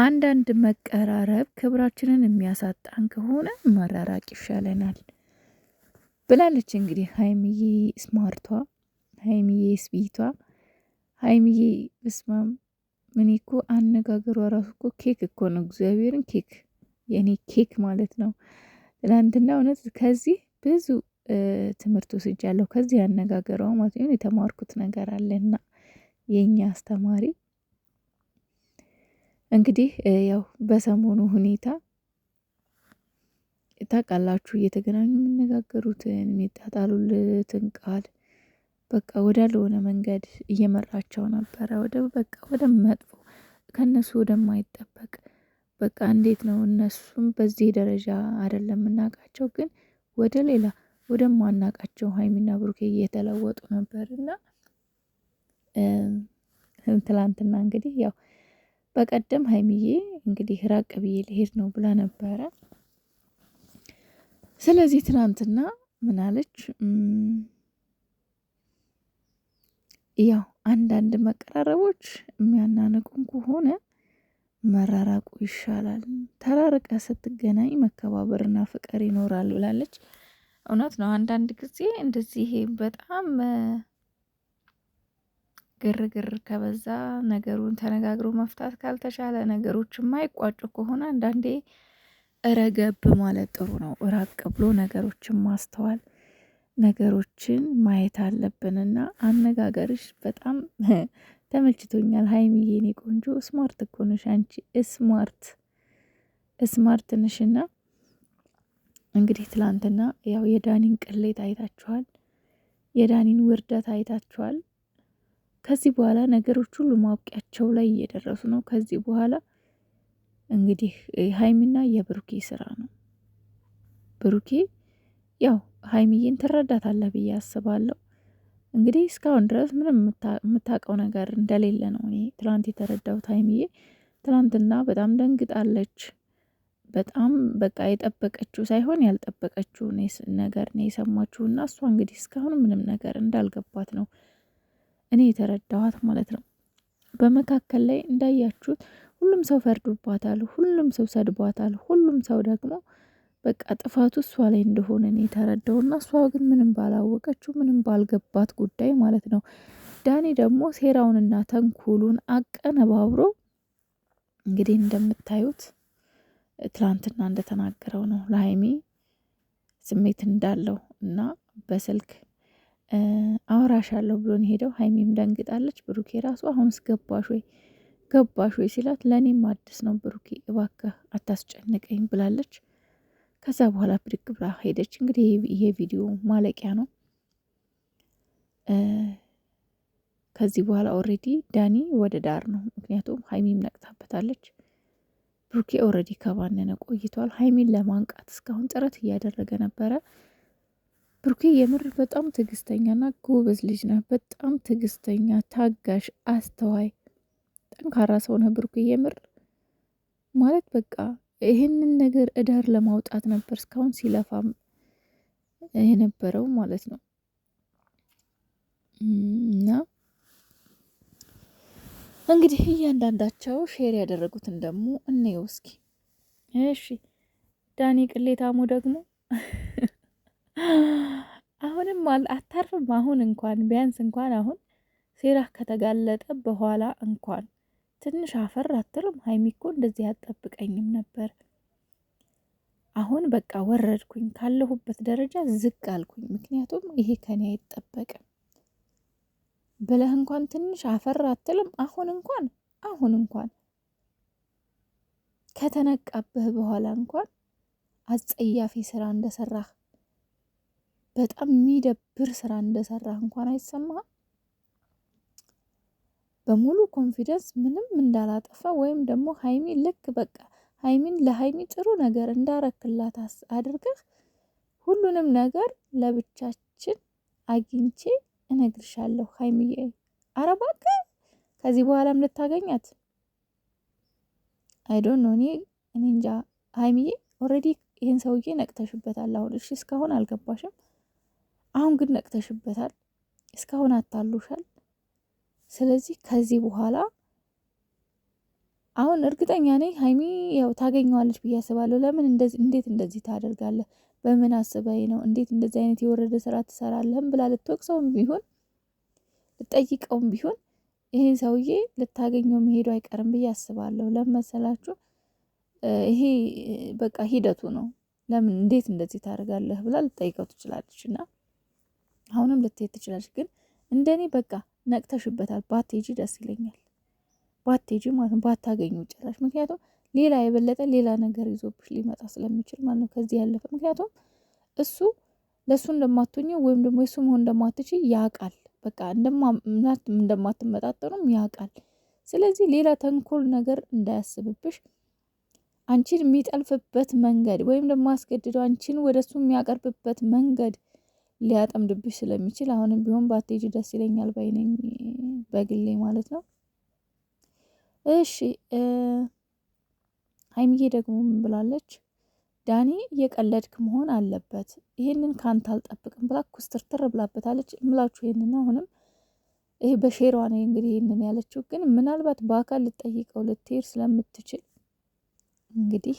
አንዳንድ መቀራረብ ክብራችንን የሚያሳጣን ከሆነ መራራቅ ይሻለናል ብላለች። እንግዲህ ሀይምዬ ስማርቷ፣ ሀይምዬ ስቢቷ፣ ሀይምዬ ብስማም ምን እኮ አነጋገሯ ራሱ እኮ ኬክ እኮ ነው። እግዚአብሔርን ኬክ የእኔ ኬክ ማለት ነው። ትናንትና እውነት ከዚህ ብዙ ትምህርት ወስጃለሁ። ከዚህ አነጋገሯ ማለት ነው የተማርኩት ነገር አለና የእኛ አስተማሪ እንግዲህ ያው በሰሞኑ ሁኔታ ታውቃላችሁ እየተገናኙ የሚነጋገሩትን የሚጣጣሉትን ቃል በቃ ወዳልሆነ መንገድ እየመራቸው ነበረ። ወደ በቃ ወደ መጥፎ ከእነሱ ወደማይጠበቅ በቃ እንዴት ነው እነሱም በዚህ ደረጃ አይደለም የምናውቃቸው፣ ግን ወደ ሌላ ወደማናውቃቸው ሀይሚና ብሩኬ እየተለወጡ ነበር እና ትላንትና እንግዲህ ያው በቀደም ሀይሚዬ እንግዲህ ራቅ ብዬ ልሄድ ነው ብላ ነበረ። ስለዚህ ትናንትና ምናለች ያው አንዳንድ መቀራረቦች የሚያናንቁን ከሆነ መራራቁ ይሻላል፣ ተራርቀ ስትገናኝ መከባበርና ፍቅር ይኖራል ብላለች። እውነት ነው። አንዳንድ ጊዜ እንደዚህ በጣም ግርግር ከበዛ ነገሩን ተነጋግሮ መፍታት ካልተቻለ ነገሮች የማይቋጩ ከሆነ አንዳንዴ ረገብ ማለት ጥሩ ነው። ራቅ ብሎ ነገሮችን ማስተዋል ነገሮችን ማየት አለብንና አነጋገርሽ በጣም ተመችቶኛል ሀይሚዬ የኔ ቆንጆ ስማርት እኮ ነሽ አንቺ ስማርት ስማርት ነሽና እንግዲህ ትላንትና ያው የዳኒን ቅሌት አይታችኋል። የዳኒን ውርደት አይታችኋል። ከዚህ በኋላ ነገሮች ሁሉ ማውቂያቸው ላይ እየደረሱ ነው። ከዚህ በኋላ እንግዲህ ሀይሚና የብሩኬ ስራ ነው። ብሩኬ ያው ሀይሚዬን ትረዳታለህ ብዬ አስባለሁ። እንግዲህ እስካሁን ድረስ ምንም የምታውቀው ነገር እንደሌለ ነው እኔ ትናንት የተረዳሁት። ሀይሚዬ ትናንትና በጣም ደንግጣለች። በጣም በቃ የጠበቀችው ሳይሆን ያልጠበቀችው ነገር ነው የሰማችው እና እሷ እንግዲህ እስካሁን ምንም ነገር እንዳልገባት ነው እኔ የተረዳኋት ማለት ነው። በመካከል ላይ እንዳያችሁት ሁሉም ሰው ፈርዶባታል፣ ሁሉም ሰው ሰድቧታል፣ ሁሉም ሰው ደግሞ በቃ ጥፋቱ እሷ ላይ እንደሆነ እኔ የተረዳውና እሷ ግን ምንም ባላወቀችው ምንም ባልገባት ጉዳይ ማለት ነው። ዳኒ ደግሞ ሴራውንና ተንኮሉን አቀነባብሮ እንግዲህ እንደምታዩት ትላንትና እንደተናገረው ነው ለሀይሚ ስሜት እንዳለው እና በስልክ አወራሻለሁ ብሎ ሄደው ሀይሚም ደንግጣለች። ብሩኬ ራሱ አሁንስ ገባሽ ወይ ገባሽ ወይ ሲላት ለእኔም አዲስ ነው ብሩኬ እባክህ አታስጨንቀኝ ብላለች። ከዛ በኋላ ብድግ ብላ ሄደች። እንግዲህ ይሄ ቪዲዮ ማለቂያ ነው። ከዚህ በኋላ ኦልሬዲ ዳኒ ወደ ዳር ነው፣ ምክንያቱም ሀይሚም ነቅታበታለች። ብሩኬ ኦልሬዲ ከባነነ ቆይቷል። ሀይሚን ለማንቃት እስካሁን ጥረት እያደረገ ነበረ። ብሩኬ የምር በጣም ትዕግስተኛና ጎበዝ ልጅ ነህ። በጣም ትዕግስተኛ፣ ታጋሽ፣ አስተዋይ፣ ጠንካራ ሰው ነህ ብሩኬ የምር ማለት በቃ ይህንን ነገር እዳር ለማውጣት ነበር እስካሁን ሲለፋም የነበረው ማለት ነው እና እንግዲህ እያንዳንዳቸው ሼር ያደረጉትን ደግሞ እንየው እስኪ። እሺ ዳኒ ቅሌታሙ ደግሞ አሁንም አታርፍም። አሁን እንኳን ቢያንስ እንኳን አሁን ሴራ ከተጋለጠ በኋላ እንኳን ትንሽ አፈር አትልም? ሀይሚ እኮ እንደዚህ አጠብቀኝም ነበር። አሁን በቃ ወረድኩኝ፣ ካለሁበት ደረጃ ዝቅ አልኩኝ፣ ምክንያቱም ይሄ ከኔ አይጠበቅም ብለህ እንኳን ትንሽ አፈር አትልም? አሁን እንኳን አሁን እንኳን ከተነቃብህ በኋላ እንኳን አጸያፊ ስራ እንደሰራህ በጣም የሚደብር ስራ እንደሰራህ እንኳን አይሰማህም። በሙሉ ኮንፊደንስ ምንም እንዳላጠፋ ወይም ደግሞ ሀይሚ ልክ በቃ ሀይሚን ለሀይሚ ጥሩ ነገር እንዳረክላት አድርገህ ሁሉንም ነገር ለብቻችን አግኝቼ እነግርሻለሁ ሀይሚዬ። አረ እባክህ ከዚህ በኋላም ልታገኛት አይዶን ነው። እኔ እኔ እንጃ ሀይሚዬ ኦልሬዲ ይህን ሰውዬ ነቅተሽበታል። አሁን እሺ፣ እስካሁን አልገባሽም። አሁን ግን ነቅተሽበታል። እስካሁን አታሉሻል። ስለዚህ ከዚህ በኋላ አሁን እርግጠኛ ነኝ ሀይሚ ያው ታገኘዋለች ብዬ አስባለሁ። ለምን እንዴት እንደዚህ ታደርጋለህ? በምን አስበይ ነው? እንዴት እንደዚህ አይነት የወረደ ስራ ትሰራለህም ብላ ልትወቅሰውም ቢሆን ልጠይቀውም ቢሆን ይሄን ሰውዬ ልታገኘው መሄዱ አይቀርም ብዬ አስባለሁ። ለምን መሰላችሁ? ይሄ በቃ ሂደቱ ነው። ለምን እንዴት እንደዚህ ታደርጋለህ ብላ ልጠይቀው ትችላለች እና አሁንም ልትሄድ ትችላለች። ግን እንደኔ በቃ ነቅተሽበታል። ባትሄጂ ደስ ይለኛል። ባትሄጂ ማለት ባታገኙ ጭራሽ። ምክንያቱም ሌላ የበለጠ ሌላ ነገር ይዞብሽ ሊመጣ ስለሚችል ማለት ነው ከዚህ ያለፈ ምክንያቱም እሱ ለእሱ እንደማትኝ ወይም ደግሞ የሱ መሆን እንደማትች ያውቃል። በቃ እንደማትመጣጠኑም ያውቃል። ስለዚህ ሌላ ተንኮል ነገር እንዳያስብብሽ አንቺን የሚጠልፍበት መንገድ ወይም ደግሞ አስገድዶ አንቺን ወደ እሱ የሚያቀርብበት መንገድ ሊያጠምድብሽ ስለሚችል አሁንም ቢሆን ባትሄጂ ደስ ይለኛል ባይነኝ በግሌ ማለት ነው። እሺ ሀይሚዬ ደግሞ ምን ብላለች? ዳኒ እየቀለድክ መሆን አለበት ይሄንን ካንተ አልጠብቅም ብላ ኩስትርትር ብላበታለች። እምላችሁ ይሄንን አሁንም ይሄ በሼሯ ነው እንግዲህ ይሄንን ያለችው፣ ግን ምናልባት በአካል ልጠይቀው ልትሄድ ስለምትችል እንግዲህ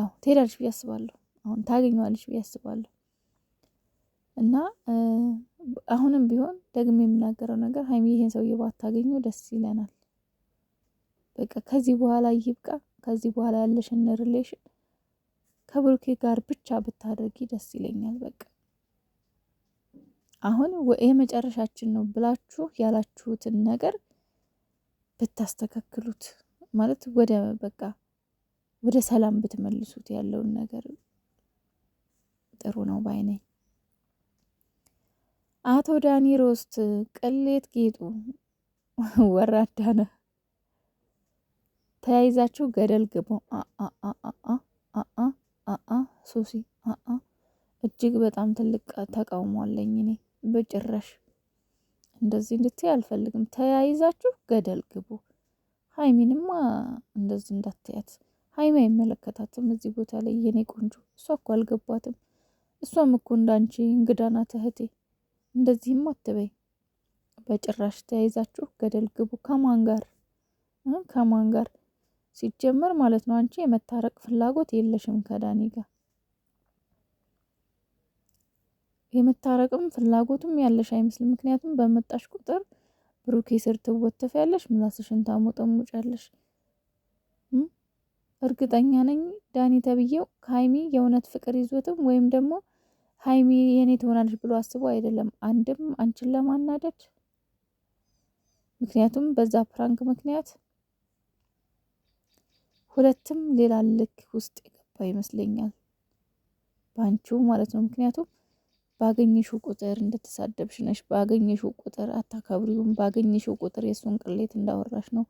ያው ትሄዳለች ብዬ አስባለሁ። አሁን ታገኘዋለች ብዬ አስባለሁ። እና አሁንም ቢሆን ደግሞ የምናገረው ነገር ሀይሚ ይሄን ሰውዬ ባታገኘው ደስ ይለናል። በቃ ከዚህ በኋላ ይብቃ። ከዚህ በኋላ ያለሽን ሪሌሽን ከብሩኬ ጋር ብቻ ብታደርጊ ደስ ይለኛል። በቃ አሁን የመጨረሻችን ነው ብላችሁ ያላችሁትን ነገር ብታስተካክሉት ማለት ወደ በቃ ወደ ሰላም ብትመልሱት ያለውን ነገር ጥሩ ነው ባይነኝ። አቶ ዳኒ ሮስት ቅሌት ጌጡ ወራዳ ነህ። ተያይዛችሁ ገደል ግቡ። አ እጅግ በጣም ትልቅ ተቃውሞ አለኝ። እኔ በጭራሽ እንደዚህ እንድትይ አልፈልግም። ተያይዛችሁ ገደል ግቡ። ሀይሚንማ እንደዚህ እንዳትያት። ሀይሚ አይመለከታትም። እዚህ ቦታ ላይ የኔ ቆንጆ እሷ እኮ አልገባትም። እሷም እኮ እንዳንቺ እንግዳ ናት እህቴ፣ እንደዚህም አትበይ በጭራሽ። ተያይዛችሁ ገደል ግቡ። ከማን ጋር ከማን ጋር ሲጀመር ማለት ነው። አንቺ የመታረቅ ፍላጎት የለሽም ከዳኒ ጋር የመታረቅም ፍላጎትም ያለሽ አይመስልም። ምክንያቱም በመጣሽ ቁጥር ብሩኬ ስር ትወተፍ ያለሽ ምላስሽን ታሞጠሙጭ ያለሽ። እርግጠኛ ነኝ ዳኒ ተብዬው ከሀይሚ የእውነት ፍቅር ይዞትም ወይም ደግሞ ሀይሚ የኔ ትሆናለች ብሎ አስቦ አይደለም። አንድም አንቺን ለማናደድ ምክንያቱም በዛ ፕራንክ ምክንያት፣ ሁለትም ሌላ ልክ ውስጥ የገባ ይመስለኛል በአንቺው ማለት ነው። ምክንያቱም ባገኘሽው ቁጥር እንደተሳደብሽ ነሽ። ባገኘሽው ቁጥር አታከብሪውም። ባገኘሽው ቁጥር የእሱን ቅሌት እንዳወራሽ ነው።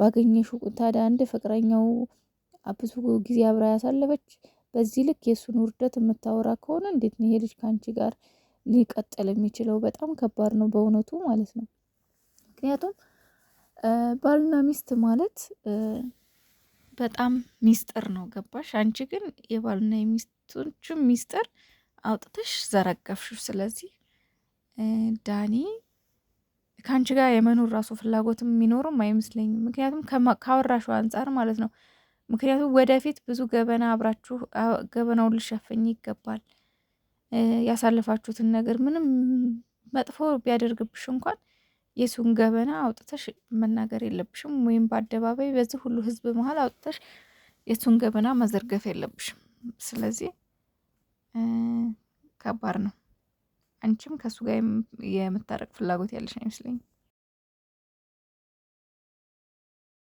ባገኘሽው ታዲያ አንድ ፍቅረኛው ብዙ ጊዜ አብራ ያሳለፈች በዚህ ልክ የእሱን ውርደት የምታወራ ከሆነ እንዴት ነው የልጅ ልጅ ከአንቺ ጋር ሊቀጥል የሚችለው? በጣም ከባድ ነው በእውነቱ ማለት ነው። ምክንያቱም ባልና ሚስት ማለት በጣም ሚስጥር ነው ገባሽ? አንቺ ግን የባልና የሚስቶቹን ሚስጥር አውጥተሽ ዘረገፍሽ ስለዚህ ዳኒ ከአንቺ ጋር የመኖር ራሱ ፍላጎትም የሚኖርም አይመስለኝም። ምክንያቱም ካወራሹ አንጻር ማለት ነው ምክንያቱም ወደፊት ብዙ ገበና አብራችሁ ገበናውን ልሸፍኝ ይገባል። ያሳለፋችሁትን ነገር ምንም መጥፎ ቢያደርግብሽ እንኳን የሱን ገበና አውጥተሽ መናገር የለብሽም። ወይም በአደባባይ በዚህ ሁሉ ህዝብ መሀል አውጥተሽ የሱን ገበና መዘርገፍ የለብሽም። ስለዚህ ከባድ ነው። አንቺም ከእሱ ጋር የምታረቅ ፍላጎት ያለሽ አይመስለኝም።